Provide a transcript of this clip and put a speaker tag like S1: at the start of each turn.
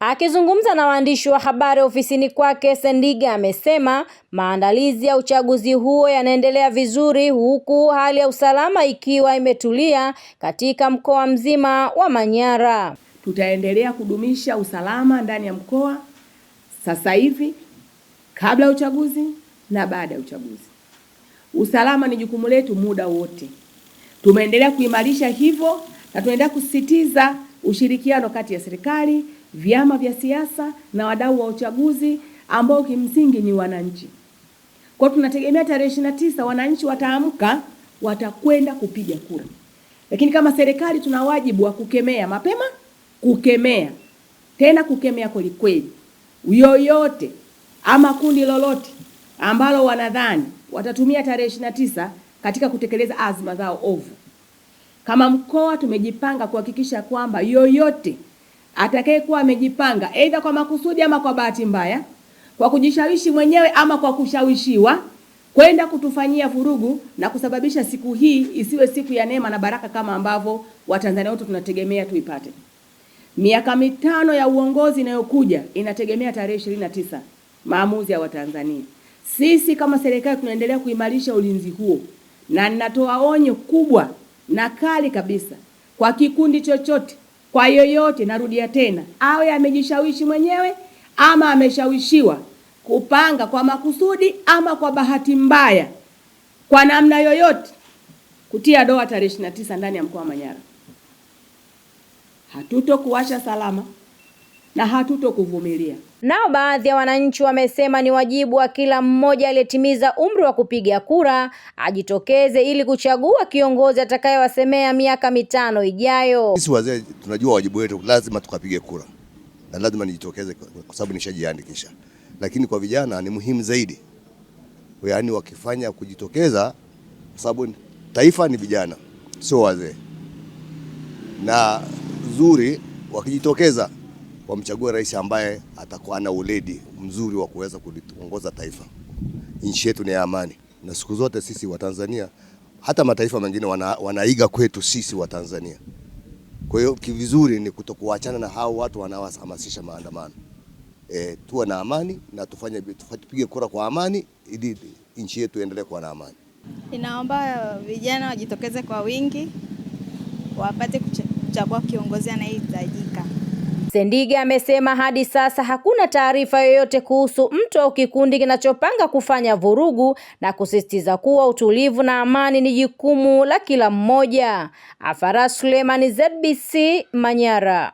S1: Akizungumza na waandishi wa habari ofisini kwake, Sendiga amesema maandalizi ya uchaguzi huo yanaendelea vizuri huku hali ya usalama ikiwa imetulia katika mkoa mzima wa Manyara.
S2: Tutaendelea kudumisha usalama ndani ya mkoa sasa hivi, kabla ya uchaguzi na baada ya uchaguzi. Usalama ni jukumu letu muda wote, tumeendelea kuimarisha hivyo na tunaendelea kusisitiza ushirikiano kati ya serikali vyama vya siasa na wadau wa uchaguzi ambao kimsingi ni wananchi. Kwa tunategemea tarehe ishirini na tisa wananchi wataamka, watakwenda kupiga kura, lakini kama serikali tuna wajibu wa kukemea mapema, kukemea tena, kukemea kwelikweli yoyote ama kundi lolote ambalo wanadhani watatumia tarehe ishirini na tisa katika kutekeleza azma zao ovu. Kama mkoa tumejipanga kuhakikisha kwamba yoyote atakayekuwa amejipanga aidha kwa makusudi ama kwa bahati mbaya, kwa kujishawishi mwenyewe ama kwa kushawishiwa kwenda kutufanyia vurugu na kusababisha siku hii isiwe siku ya neema na baraka kama ambavyo Watanzania wote tunategemea tuipate. Miaka mitano ya uongozi inayokuja inategemea tarehe ishirini na tisa maamuzi ya Watanzania. Sisi kama serikali tunaendelea kuimarisha ulinzi huo, na ninatoa onyo kubwa na kali kabisa kwa kikundi chochote kwa yoyote, narudia tena, awe amejishawishi mwenyewe ama ameshawishiwa kupanga kwa makusudi ama kwa bahati mbaya, kwa namna yoyote kutia doa tarehe 29 ndani ya mkoa wa Manyara. Hatutokuwasha salama na hatutokuvumilia.
S1: Nao baadhi ya wananchi wamesema ni wajibu wa kila mmoja aliyetimiza umri wa kupiga kura ajitokeze ili kuchagua kiongozi atakayewasemea miaka mitano ijayo.
S3: Sisi wazee tunajua wajibu wetu, lazima tukapige kura na lazima nijitokeze kwa sababu nishajiandikisha, lakini kwa vijana ni muhimu zaidi, yaani wakifanya kujitokeza, kwa sababu taifa ni vijana, sio wazee, na zuri wakijitokeza wamchague rais ambaye atakuwa na uledi mzuri wa kuweza kuongoza taifa. Nchi yetu ni ya amani, na siku zote sisi Watanzania, hata mataifa mengine wana, wanaiga kwetu sisi Watanzania. Kwa hiyo kivizuri ni kutokuachana na hao watu wanaohamasisha maandamano. E, tuwe na amani na tufanye tupige kura kwa amani ili nchi yetu iendelee kuwa na amani.
S4: Ninaomba vijana wajitokeze kwa wingi wapate kuchagua kiongozi anayehitajika.
S1: Sendiga amesema hadi sasa hakuna taarifa yoyote kuhusu mtu au kikundi kinachopanga kufanya vurugu na kusisitiza kuwa utulivu na amani ni jukumu la kila mmoja. Afara Suleman, ZBC, Manyara.